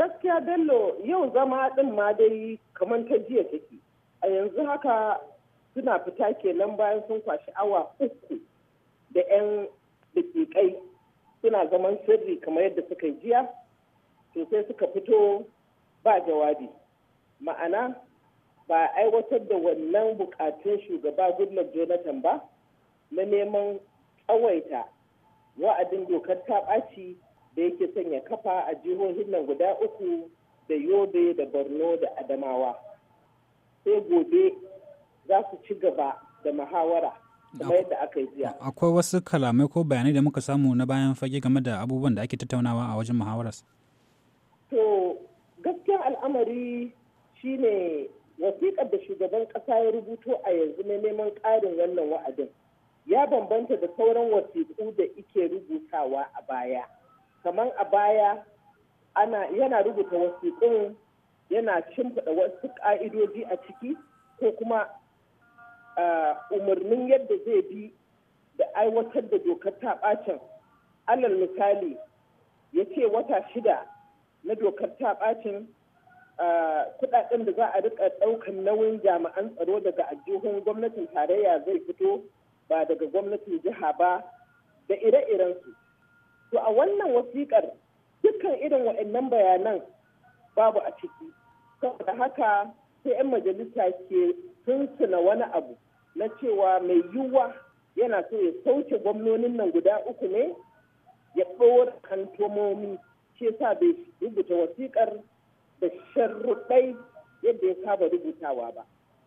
gaskiya bello yau zama din ma dai kamar ta jiya take a yanzu haka suna fita kenan bayan sun kwashi awa uku da 'yan dakikai suna zaman sirri kamar yadda suka yi jiya sosai sai suka fito ba jawabi ma'ana ba a aiwatar da wannan bukatun shugaba goodluck jonathan ba na neman tsawaita wa'adin dokar ta ɓaci da yake sanya kafa a jihohin nan guda uku da yobe da borno da adamawa sai gobe za su ci gaba da muhawara kuma yadda aka yi jiya akwai wasu kalamai ko bayanai da muka samu na bayan fage game da abubuwan da ake tattaunawa a wajen muhawarar to gaskiyar al'amari shine wasiƙar da shugaban ƙasa ya rubuto a yanzu na neman ƙarin wannan wa'adin ya bambanta da sauran wasiƙu da ike rubutawa a baya kamar a baya yana rubuta wasu wasiƙun yana da wasu ƙa'idoji a ciki ko kuma umarnin yadda zai bi da aiwatar da dokar ta ɓacin alal misali ya ce wata shida na dokar ta ɓacin kudaden da za a rika daukan nauyin jami'an tsaro daga ajihun gwamnatin tarayya zai fito ba daga gwamnatin jiha ba da ire-irensu to a wannan wasikar dukkan irin waɗannan bayanan babu a ciki saboda haka sai 'yan majalisa ke tuntuna wani abu na cewa mai yiwuwa yana so ya sauke gwamnonin nan guda uku ne ya ɗora kantomomi shi sa bai rubuta wasiƙar da sharruɗai yadda ya saba rubutawa ba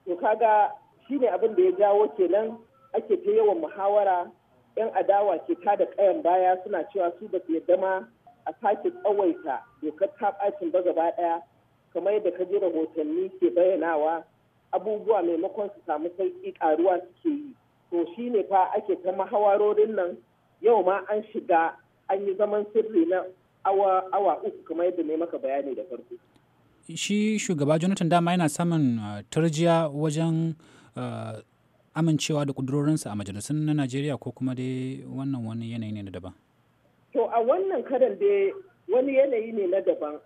to kaga shine abin da ya jawo kenan ake ta yawan muhawara 'yan adawa ke da kayan baya suna cewa su ba su yarda a sake tsawaita dokar ta bacin ba gaba ɗaya kamar yadda ka rahotanni ke bayyanawa abubuwa maimakon su samu sauƙi ƙaruwa suke yi to shi ne fa ake ta mahawarorin nan yau ma an shiga an yi zaman sirri na awa, uku kamar yadda ne maka bayani da farko shi shugaba jonathan dama yana samun ah, tarjiya wajen ah, amincewa da kudurorinsa a majalisun na Najeriya ko kuma dai wannan wani yanayi ne na daban? To a wannan karan dai wani yanayi ne na daban.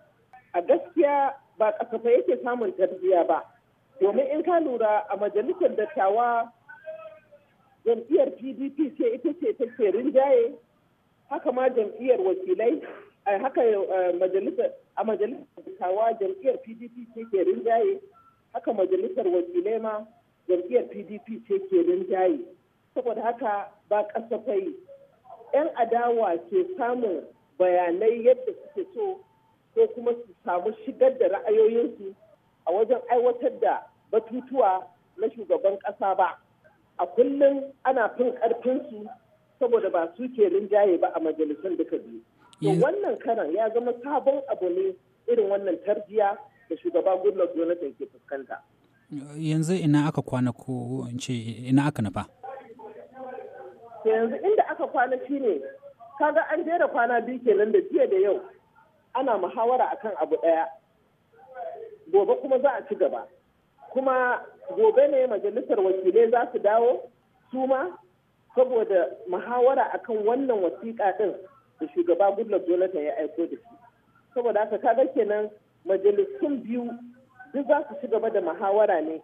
A gaskiya ba kasafa yake samun tarbiyya ba. Domin in ka lura a majalisar dattawa jam'iyyar PDP ce ita ce ta ce rinjaye haka ma jam'iyyar wakilai haka eh, a majalisar dattawa jam'iyyar PDP ce ke rinjaye haka majalisar wakilai ma jam'iyyar pdp ce ke rinjaye saboda haka ba kasafai 'yan adawa ke samun bayanai yadda suke so ko kuma su samu shigar da ra'ayoyinsu a wajen aiwatar da batutuwa na shugaban kasa ba a kullum ana fin karfinsu saboda ba su ke rinjaye ba a majalisar duka biyu to wannan karan ya zama sabon abu ne irin wannan tarjiya da shugaba goodluck jonathan ke fuskanta yanzu ina aka kwana ko in ce ina aka nufa yanzu inda aka kwana shine kaga an jera kwana biyu kenan da jiya da yau ana muhawara akan abu daya gobe kuma za a ci gaba kuma gobe ne majalisar wakilai za su dawo su ma saboda muhawara akan wannan wasiƙa din da shugaba goodluck jonathan ya aiko da shi saboda haka kaga kenan majalisun biyu duk za su ci gaba da muhawara ne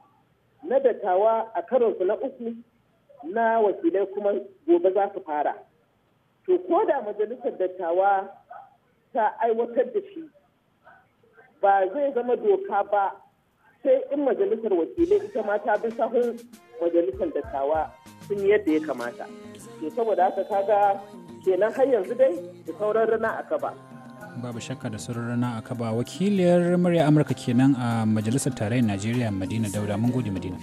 na dattawa a karonsu na uku na wakilai kuma gobe za su fara to ko da majalisar dattawa ta aiwatar da shi ba zai zama doka ba sai in majalisar wakilai ita ma ta bi sahun majalisar dattawa sun yadda ya kamata to saboda haka kaga kenan har yanzu dai da sauran rana a kaba. babu shakka da sururana a kaba wakiliyar murya amurka kenan a majalisar tarayyar najeriya madina dauda mun gode madina